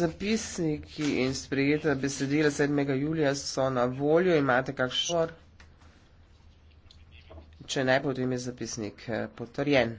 Zapisniki in sprejeta besedila 7. julija so na voljo. Imate kakšen šor? Če ne, potem je zapisnik eh, potrjen.